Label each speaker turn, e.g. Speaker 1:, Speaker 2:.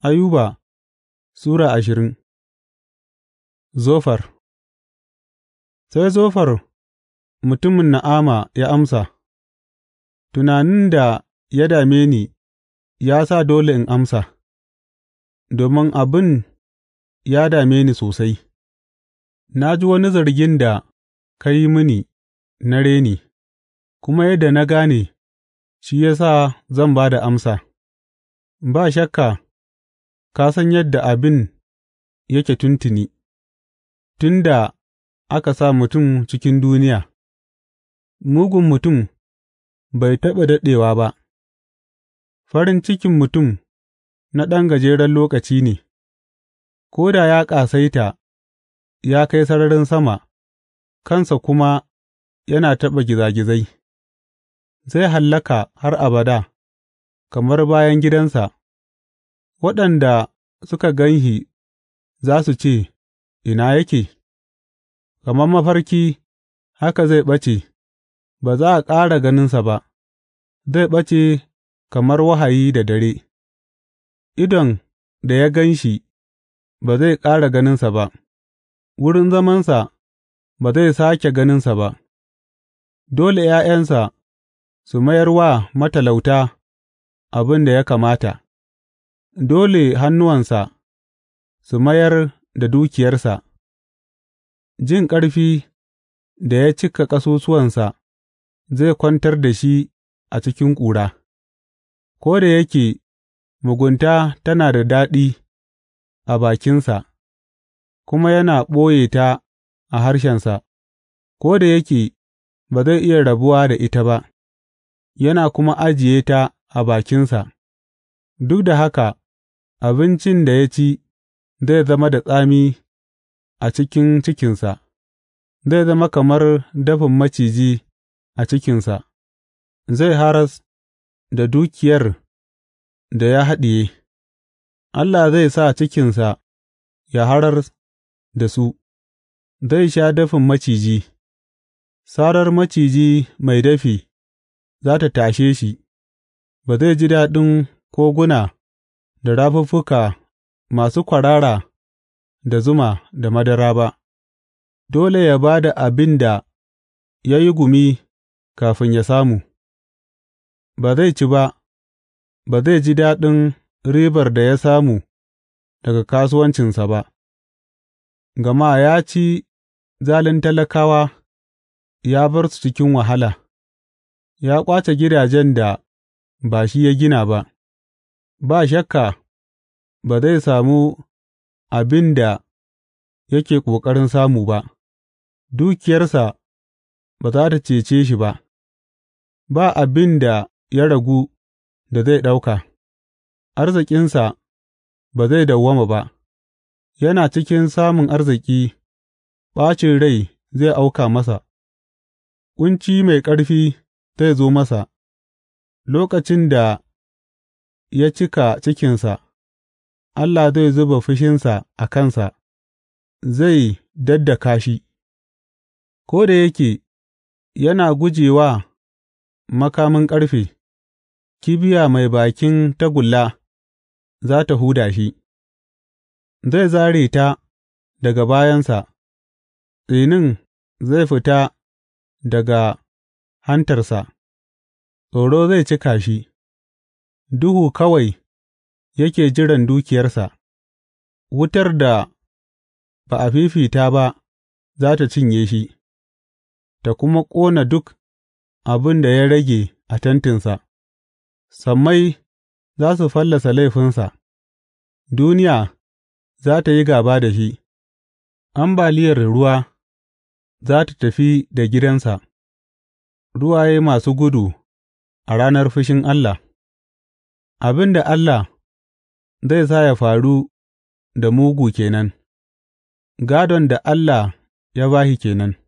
Speaker 1: Ayuba Sura ashirin Zofar Sai Zofar mutumin Na'ama ya amsa, Tunanin da ya dame ni ya sa dole in amsa, domin abin ya dame ni sosai, na ji wani zargin da ka yi mini na reni, kuma yadda na gane shi ya sa zan ba da amsa, ba shakka. Ka san yadda abin yake tuntuni tun da aka sa mutum cikin duniya; mugun mutum bai taɓa daɗewa ba, farin cikin mutum na ɗan gajeren lokaci ne, ko da ya ƙasaita ya kai sararin sama kansa kuma yana taɓa gizagizai, zai hallaka har abada kamar bayan gidansa. Waɗanda suka gan shi za su ce, Ina yake?’ Kamar mafarki haka zai ɓace, ba za a ƙara ganinsa ba; zai ɓace kamar wahayi da dare, idon da ya gan shi ba zai ƙara ganinsa ba, wurin zamansa ba zai sake ganinsa ba; dole ’ya'yansa su mayar wa matalauta abin da ya kamata. dole hannuwansa su mayar da dukiyarsa; jin ƙarfi da ya cika ƙasusuwansa zai kwantar da shi a cikin ƙura, ko da yake mugunta tana da daɗi a bakinsa kuma yana ɓoye ta a harshensa, ko da yake ba zai iya rabuwa da ita ba, yana kuma ajiye ta a bakinsa, duk da haka abincin da ya ci zai zama da tsami a cikin cikinsa, zai zama kamar dafin maciji a cikinsa, zai haras da dukiyar da ya haɗiye, Allah zai sa cikinsa ya harar da su, zai sha dafin maciji, sarar maciji mai dafi za ta tashe shi, ba zai ji daɗin koguna. da rafuffuka masu kwarara da zuma da madara ba, dole ya ba da abin da ya yi gumi kafin ya samu, ba zai ci ba, ba zai ji daɗin ribar da ya samu daga kasuwancinsa ba, gama ya ci zalin talakawa ya bar su cikin wahala, ya ƙwace gidajen da ba shi ya gina ba. ba shakka ba zai samu abin da yake ƙoƙarin samu ba, dukiyarsa ba za ta cece shi ba, ba abin da ya ragu da zai ɗauka, arzikinsa ba zai dawwama ba, yana cikin samun arziki, ɓacin rai zai auka masa, ƙunci mai ƙarfi zai zo masa, lokacin da ya cika cikinsa, Allah zai zuba fushinsa a kansa, zai daddaka shi, ko da yake yana guje wa makamin ƙarfe, kibiya mai bakin tagulla za ta huda shi, zai zare ta daga bayansa, tsinin zai fita daga hantarsa, tsoro zai cika shi. duhu kawai yake jiran dukiyarsa, wutar da ba a fifita ba za ta cinye shi, ta kuma ƙona duk abin da ya rage a tentinsa, sammai za su fallasa laifinsa, duniya za ta yi gaba da shi, ambaliyar ruwa za ta tafi da gidansa, ruwaye masu gudu a ranar fushin Allah. Abin da Allah zai sa ya faru da mugu kenan, nan; gādon da Allah ya ba shi ke